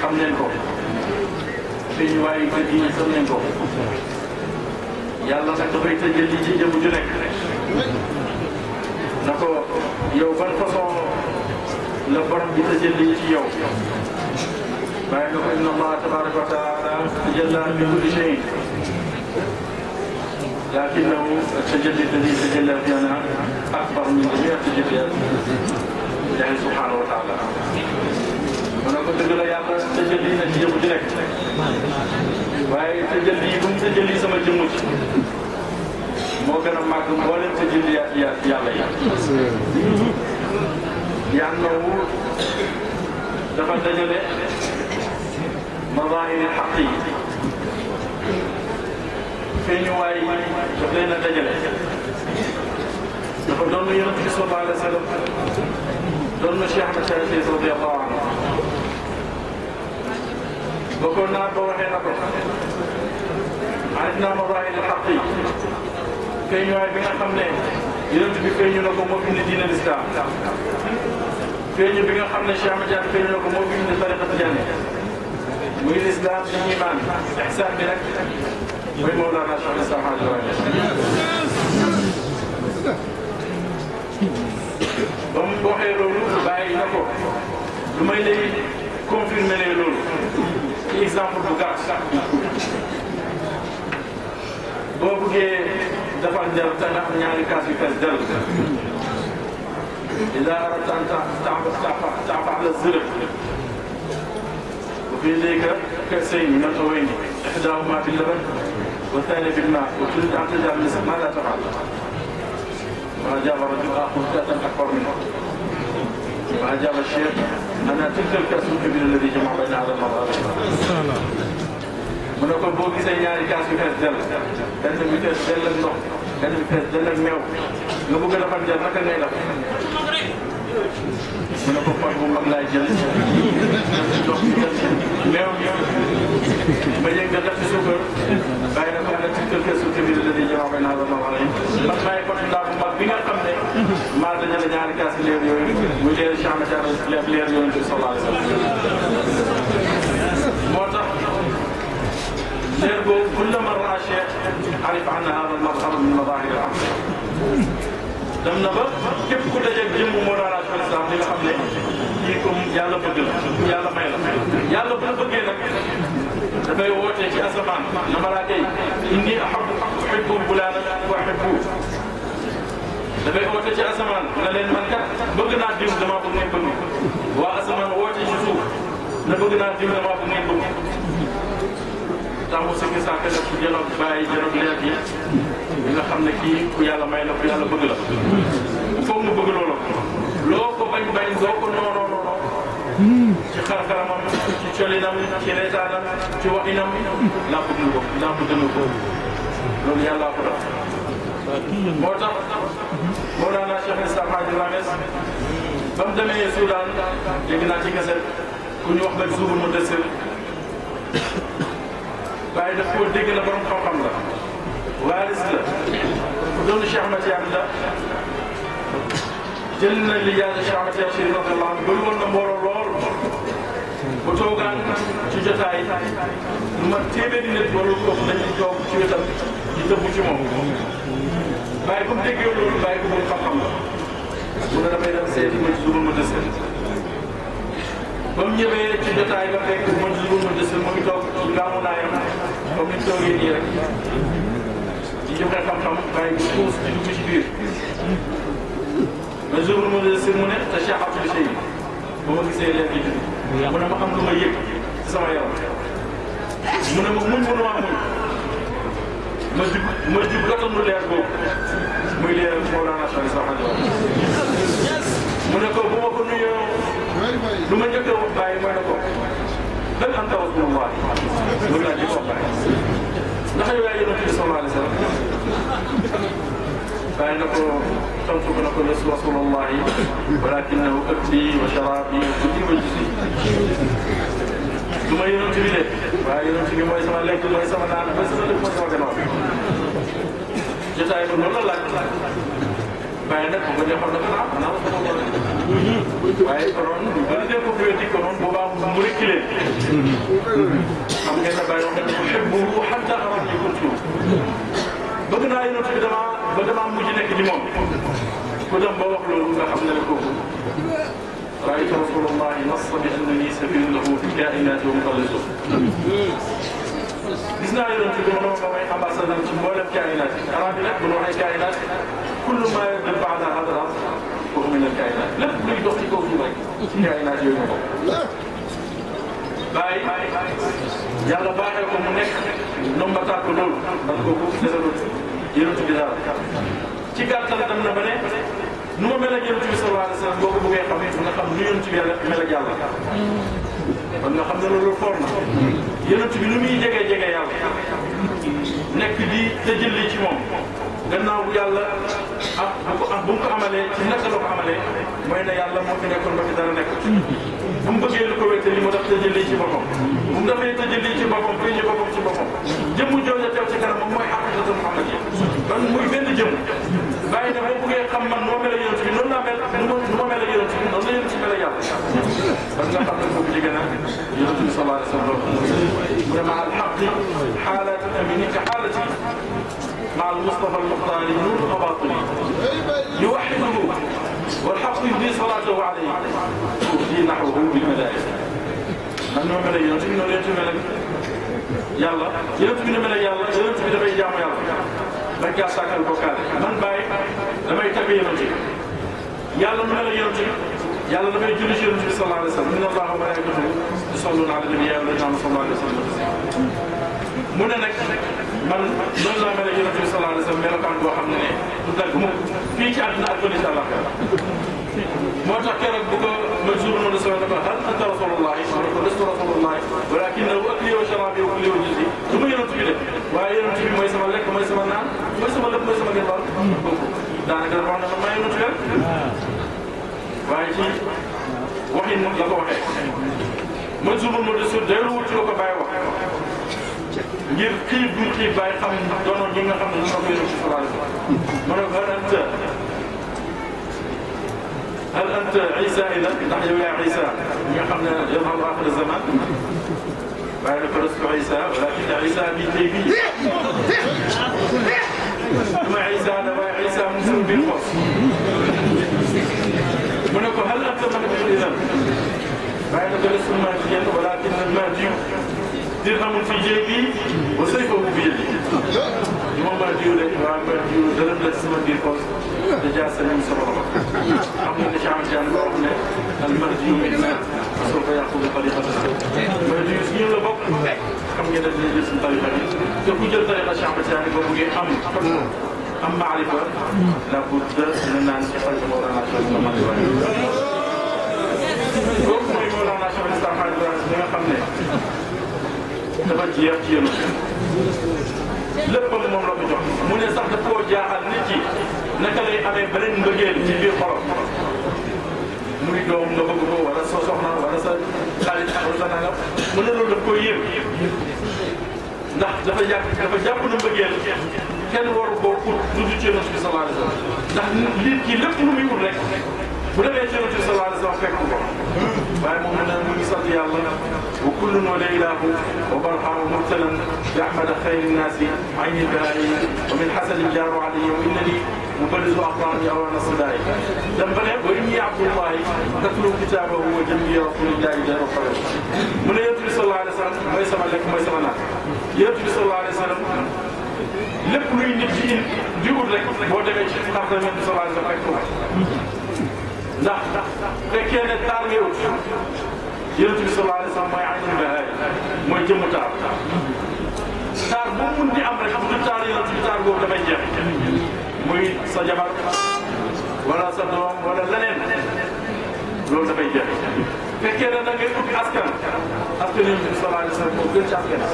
xam leen ko suñu waay ba diine xam leen ko yàlla nag dafay tëjal li ci jëmu ju nekk na ko yow ban façon la borom bi tëjal li ci yow bàyyi nga ko inna allah tabaraka wa taala tajalla bi kulli shay لكنه التجلي الذي تجلى فينا اكبر من جميع التجليات لله سبحانه وتعالى ma ne ko dëgg la yàlla tëjal yi na ci yëpp di nekk waaye tëjal yi bu mu tëjal yi sama jëmm ci moo gën a màgg mboolem tëjal yi yàlla yi yàlla nawu dafa dajale mazaahiri xaq yi feeñuwaay yi daf leen a dajale dafa doon yonent bi sallallahu alayhi wa sallam doon na Cheikh Ahmed Tidiane radiyallahu anhu bëggoon naa ko waxee na ko arrêté naa ma waaye la xaq yi feeñuwaay bi nga xam ne yonent bi feeñu na ko moo bind diine lislaam feeñu bi nga xam ne Cheikh Ahmad Tidiane feeñu na ko moo bind tariqa tidiane muy lislaam di iman ihsaan bi rek mooy Mawlana Cheikh Islam Hadj ba mu waxee loolu bàyyi na ko lu may lay confirmer ne loolu ci exemple bu gàtt boo buggee defar njël te ndax ñaari kaas yu fees dell ila aratan tabax la zërëb wa fii léegi kasayni natawayni ihdaahuma bil laban wa thani bil maa wa turid an tajal nisf maa laa tafal maa jaaba rajul axun katan akbar minhu maa jaaba cheikh ana tilka al-kaasu al-kubiira allatii jama'a baynanaa haazaa wa maal mu ne ko boo gisee ñaari kaas yu fees dell benn bi fees dell ak ndox benn bi fees dell ak meew nga bëgg a defar jël naka ngay def mu ne ko pot bu mag laay jël ndox bi meew ba yëg nga def ci suukar maal nañu ne ñaari kaas yi leer yooyu muy leer Cheikh Ahmad leer yonent bi sallallahu alayhi wa sallam moo tax leer boobu buñ la mën a raché arifa anna hada al-mazhar min mazahir al-haq dem na ba képp ku dajeeg jëmm moo daan raché islam li nga xam ne kii comme yàlla bëgg la yàlla may la yàlla bu la bëggee nag dafay woote ci asamaan na malaaka yi inni uhibbu fulaanan wa uhibbuhu dafay oote ci asamaan na leen man kat bëgg naa diw damaa bëgg ngeen bëgg waa asamaan woote ci suuf na bëgg naa diw damaa bëgg ngeen bëgg taxu si ki sàkk nag janoog bàyyi janoog leer gi ñi nga xam ne kii ku yàlla may na ku yàlla bëgg la foog mu bëgg loolu loo ko bañ bañ doo ko noonoo noonoo ci xarxaramam ci colinam ci reetaanam ci waxinam laa bëgg ko laa bëgg ko loolu yàllaa ko def moo tax Mawlana Cheikh Islam Hadji Manes ba mu demee Soudan dégg naa ci kaset ku ñu wax nag suufu mu desir waaye daf koo dégg na borom xam-xam la waaris la ku doon Cheikh Matiane la jël na li yàlla Cheikh Matiane Chérif radiyallahu anhu bëri woon na mbooloo lool bu toogaan ci jotaay lu ma téeméeri nit warul kooku dañuy toog ci wetam di dëbb ci moom bàyyi ba mu déggee loolu bàyyi xam-xam mu ne damay dem seeti man ma mën ba mu ñëwee ci jotaay ba fekk ma mën a seet mu ngi toog ci xam-xam ma mën a seet mu ne te Cheikh Abdou ma gisee leen di mu ne ma am lu ma yëg ci sama mu ne ma muñ mënuma muñ ma jub ma jub gàttanu leer boobu muy leeral Mawlana Cheikh Ibrahima mu ne ko bu ma ko nuyoo lu ma njëkk a wax bàyyi mooy ne ko lan am taw bi mu waay loolu laa njëkk a wax bàyyi ndax yow yaa yonent bi sallallahu alayhi wa sallam bàyyi na ko tontu ko na ko lesu rasulullahi walakinahu akli wa sharabi wa kulli wa jisi du ma yonent bi de waaye yonent bi mooy sama lekk mooy sama naan ba sama lépp mooy sama gannaaw jotaay bi noonu la laaj waaye nag bu nga joxoon dafa naan naaw sama borom. waaye konoon bu ñu dee ko wéeti konoon bu baax mu reculé. xam ngeen ne bàyyi wax dëgg yëpp bu bu xam sax amat ñu continué. bëgg naa yéen a damaa ba damaa mujj nekk ci moom. ku dem ba wax loolu nga xam ne la kooku. waaye rasulullah nas bi annani safiirun lahu fi kainaati wa muxallatu gis naa yonent bi moom moom ay ambassadeur ci mboolem kaayinaat yi arab yi nag bu ñu waxee kaayinaat kullu ma yabdu baada hadara pour mu leen kaayinaat lépp luy dox ci kaw suuf rek ci kaayinaat yooyu ko bàyyi yàlla baaxee ko mu nekk nomba tàkk loolu ndax kooku desalul yonent bi daal ci gàttal dem na ba ne nu ma mel ak yonent bi sallallahu alayhi wa sallam boo ko bëggee xam nga xam nu yonent bi yàlla mel ak yàlla kon nga xam ne loolu foor na bi nu muy jege jege yàlla nekk bi di tëjëli ci moom gannaaw bu yàlla ak bu ko am bu mu ko amalee ci naka la ko amalee mooy ne yàlla moo fi nekkoon ba fi dara nekk bu mu bëggee lu ko wéttali mu def tëjëli ci boppam bu mu defee tëjëli ci boppam péñe boppam ci boppam jëmm jooju teew ci kanam moom mooy xaqiqatul Muhammad yi kon muy benn jëmm bàyyi dafay buggee xam man noo mel yonent bi noonu laa mel nu ma mel yonent bi noonu la yonent mel yàlla kon nga xam ne boobu jigéen na yonent bi sallallahu alayhi wa sallam mu ne maa alxaqi xaalatul amini ka xaalati maa al Mustafa al Muxtaari nuur abaatuli nahruhu bil malaa'ika ndax ñoo mel ne yonent bi noonu yonent bi mel ne yàlla yonent bi mel ne yàlla yonent bi dafay jaamu yàlla rek yaa sàkkal bokkaale man bàyyi damay tabi yonent bi yàlla mel ne yonent bi yàlla dafay julli ci yonent bi sallallahu alayhi wa sallam inna allaha wa malaa'ikatahu yusalluuna ala nabi yaa ayyuhan naas sallallahu alayhi wa sallam mu ne nag man noonu laa mel ne yonent bi sallallahu alayhi wa sallam melokaan boo xam ne ne du dagg moom fii ci àdduna ak bële ci àllaxira moo tax keroog bu ko Mansour mën a soxla dafa hal anta rasulullahi ma ne ko lastu rasulullahi walakinahu akli wa sharabi wa kulli wa juz'i su ma yonent bi def waaye yonent bi mooy sama lekk mooy sama naan mooy sama lépp mooy sama gënbaal kooku daanaka dafa wax ne man maa yonent bi waaye ci waxin la ko waxee Mansour mën a sur daylu wut ci la ko bàyyi wax ngir xiib bu xiib bàyyi xam doonoon ñi nga xam ne ñoo ko yonent bi sallallahu alayhi wa sallam hal anta Isa idan ndax yow yaa Isa ñi nga xam ne yow xam aaxir zaman waaye nag lastu Isa walakinna Isa bi jaybi duma Isa la waaye Isa mu sama biir xol mu ne ko hal anta Mahdi idan waaye nag lastu Mahdiyan walakinna al-Mahdi dirhamun fi jaybi wa sayfuhu bi yadi li ma mën a diw rek waaw mën a diw dërëm la sama biir poche dèjà seen i sama loxo xam nga ne ci am jaan loo xam ne al mën a diw mi dina parce que yàqu nga bëri xam nga mën a diw si ñun la bokk xam ngeen ne dina jël suñu tarixa bi te ku jël tarixa Cheikh Ahmed Tidiane boo bëggee am am maarifa la pour de dina naan ci xarit moo daan laaj ma mën a loolu mooy moo daan laaj Cheikh Islam nga xam ne dafa jeex ci yéen léppam moom la ko jox mu ne sax daf koo jaaxal nit naka lay amee beneen mbëggeel ci biir xolam muy doom nga bëgg wala sa soxna wala sa xaalis wala sa nangam mu ne loolu daf koy yéem ndax dafa jàpp dafa jàpp na mbëggeel kenn waru bi sallallahu alayhi wa sallam ndax nit bu demee ci yonent bi sallallahu alayhi wa sallam fekk ko waaye moom mu ne mu ngi sant yàlla wa kullun wa laylahu wa barhamu murtalan bi ahmada xayri nnaasi ayni baayi wa min xasani jaaru alayhi wa innani mubarrizu aqwaami awaana sidaay dem ba ne wa inni abdullahi tatlu kitaabahu wa jambi rasulillahi dara fare mu ne yonent bi sallallahu alayhi wa sallam mooy sama lekk mooy sama naan yonent bi sallallahu alayhi wa sallam lépp luy nit di di ut rek boo demee ci xarta yonent bi sallallahu alayhi wa sallam fekk ko ndax fekkee ne taar yëpp yonent bi sallallahu alayhi wa sallam mooy aynul bahaay mooy jëmmu taar taar bu mun di am rek du taar yonent bi taar boobu dafay jeex muy sa jabar wala sa doom wala leneen loolu dafay jeex fekkee ne da ngay ubbi askan askan yonent bi sallallahu alayhi wa sallam moo gën ci askan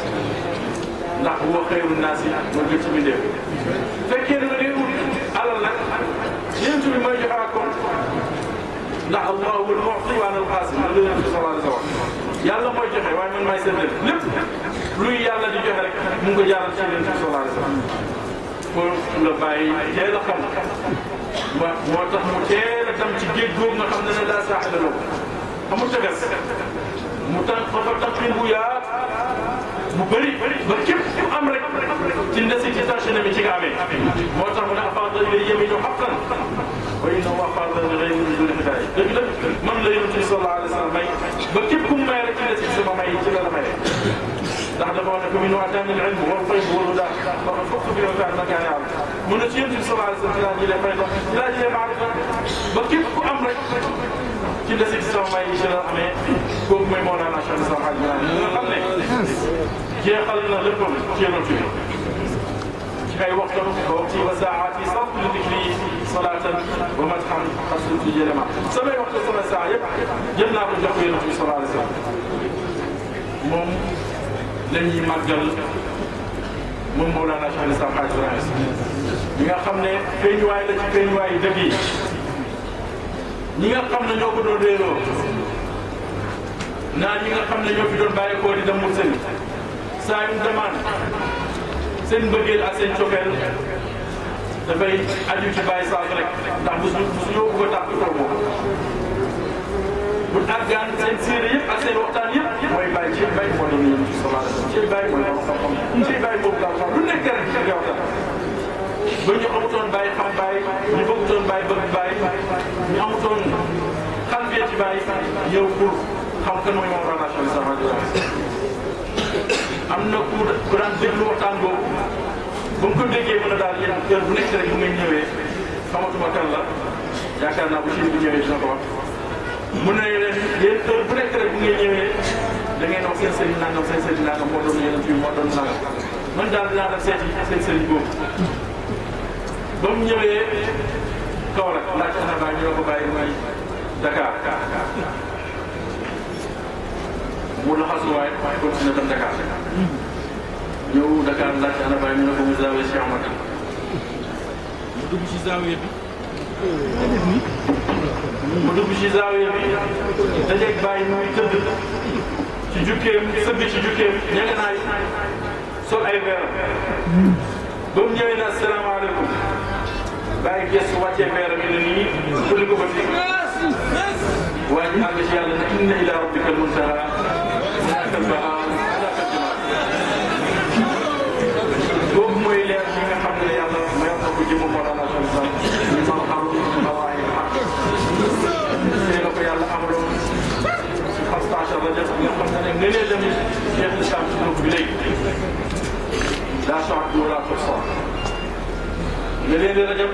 ndax huwa xayru naasi moo gën ci mbindeef fekkee ne da ngay ubbi alal nag yonent bi mooy joxe ndax allahu al mu'ti wa ana al qasim ak leneen bi sallallahu alayhi wa sallam yàlla mooy joxe waaye man maay seetal lépp luy yàlla di joxe rek mu ngi ko jaaral ci leneen bi sallallahu alayhi wa sallam pour nga bàyyi teel a xam wa moo tax mu teel a dem ci géej googu nga xam ne ne laa saaxila lahu amul tefes mu tànn fa tànn bu yaa bu bëri ba képp ku am rek ci ndesi ci tâche mi ci nga amee moo tax mu ne affaire yi day yéeme ñu xaqan wa inna allah qaadira alal ghaybi bi duuni hidaaya dëgg la man la yonent bi sallallahu alayhi wa sallam may ba képp ku mu may rek ci des ci sama may ci la la maye ndax dafa wax ne fa minhu ataani al ilmu wal faydu wal hudaa wax na fokk bi yow kaan naka yaam mu ne ci yonent bi sallallahu alayhi wa sallam ci laa jëlee fayda ci laa jëlee maarifa ba képp ku am rek ci des ci sama may ci la amee kooku mooy moo naan achal sama xaaj bi nga xam ne jeexal na léppam ci yonent bi ay waxtaan waqti wa saati sant li dikri salaatan wa madhan xasul fi jëlema samay waxtu sama saa yëpp jël naa ko jox yonent bi sallallahu alayhi wa sallam moom la ñuy màggal moom Mawlana Cheikh Islam Hadj Ibrahim ñi nga xam ne feeñuwaay la ci feeñuwaay dëkk yi ñi nga xam ne ñoo ko doon réeroo naa ñi nga xam ne ñoo fi doon bàyyi koo di dem Mousseni saa yu demande seen mbëggeel ak seen cofeel dafay aju ci Baye Sakh rek ndax bu suñoo bëgg a tàpp tool moom bu àggaan seen séeréer yëpp ak seen waxtaan yëpp mooy Baye ci Baye moo doon yëngu ci sama ci Baye moo doon xam-xam ci Baye boobu daal xam lu nekk rek ci gaw daal ba ñu amutoon Baye xam Baye ñu bëggutoon Baye bëgg Baye ñu amutoon xam fee ci Baye ñëw pour xam kan mooy moom relation bi sama am na ku ku daan déglu waxtaan boobu ba mu ko déggee mën a daal yéen kër bu nekk rek bu ngeen ñëwee xamatuma kan la yaakaar naa bu si bu ñëwee dina ko wax. mu ne leen yéen kër bu nekk rek bu ngeen ñëwee da ngeen wax seen sëriñ nangam seen sëriñ nangam moo doon yéen a moo doon nangam man daal dinaa def seeti seen sëriñ boobu ba mu ñëwee kaw rek laaj xanaa baa ñu la ko bàyyi mooy Dakar. mu laxasu waaye continué dem Dakar ñëw Dakar laajte ana bàyyi ñu ne ko mu zaawee si Ahmad mu dugg ci zaawee bi. mu dugg ci zaawee bi dajeeg bàyyi muy tëdd ci jukkeem sëbbi ci jukkeem ña nga naay sol ay verre. ba mu ñëwee na asalaamaaleykum bàyyi gëstu wàccee verre bi ne nii. ko ba fii. waa ji àgg ci yàlla ne inna ilaa rabbika muntaha boobu mooy leer bi nga xam ne yàlla mayar na ko jëmu Mawlana Sall ñu mën xam xawaayi xaq tey la ko yàlla amaloon pastage la def nga xam ne nga nee demit Cheikh Islam sunóob bi léegi la soxla du wala pour soxla nga leen di rajab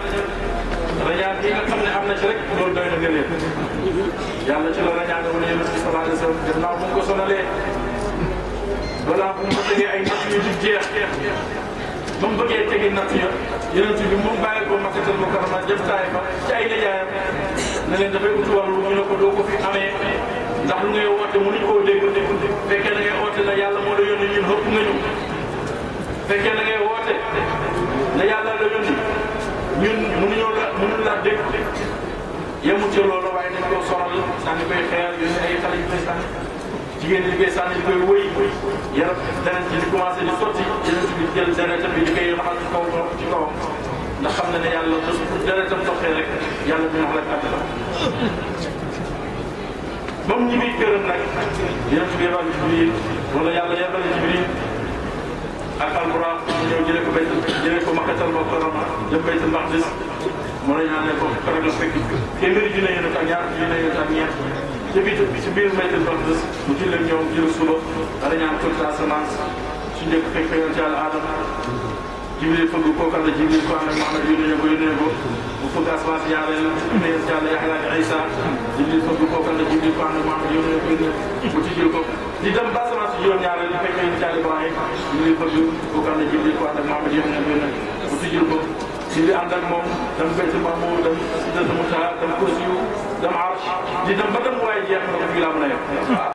rañaan bi nga xam ne am na ci rek loolu doy na nga leen yàlla ci la rañaan woon yéen a sallallahu alayhi wa sallam gannaaw bu ko sonalee balaa mu ko tegee ay natt yu di jeex ba mu bëggee tegi natt ya yeneen bi moom bàyyi ko Makkatal Mukarrama ba ci ay na ne leen dafay uti wàllu ñu ne ko doo ko fi amee ndax lu ngay woote mënuñ koo dégg fekkee na ngay woote na yàlla moo la yónni ñun xëpp nga ñu fekkee na ngay woote na yàlla la yónni ñun mënuñoo la mënuñ laa dégg yemut ci loolu waaye dañ koo soxal sànni koy xeer yu ay xale yu koy sànni jigéen ñi koy sànni di koy wëy yaram deret ji di commencé di sotti yeneen bi jël deretam bi di koy raxal ci kaw ci kawam ndax xam na ne yàlla bés bu deretam soxee rek yàlla dina wax rek àddina ba mu ñibbi këram nag yeneen bi yebal jibril wala yàlla yebal jibril ak alquran ñëw jëlee ko bayt jëlee ko makkatal mukarrama jëm baytul maqdis mu ne ñaan ne ko rek la fekk téeméeri junne yéen ak ñaar junne yéen ak ñeent ci biir ci biir baytul maqdis mu ci leen ñoom jël suba dara ñaan ko ci asamaan su njëkk fekk yoon ci yàlla aadama la jibril ko ànd ak Muhammad yónnee ko yónnee ko mu fëgg asamaan si yàlla yoon ci yàlla Yaxya ak Isa jibril fëgg kookal la jibril ko ànd ko yónnee mu ci jël ko di dem ba asamaan si juróom ñaareel fekk yoon ci yàlla Ibrahima jibril fëgg kookal la ko ànd ak Muhammad yónnee ko yónnee mu ci ko si di ànd ak moom dem Bayti Mamour dem Sidratul Muntaha dem Kursiyu dem Arsh di dem ba dem waaye jeex na ko fii laa mën a yem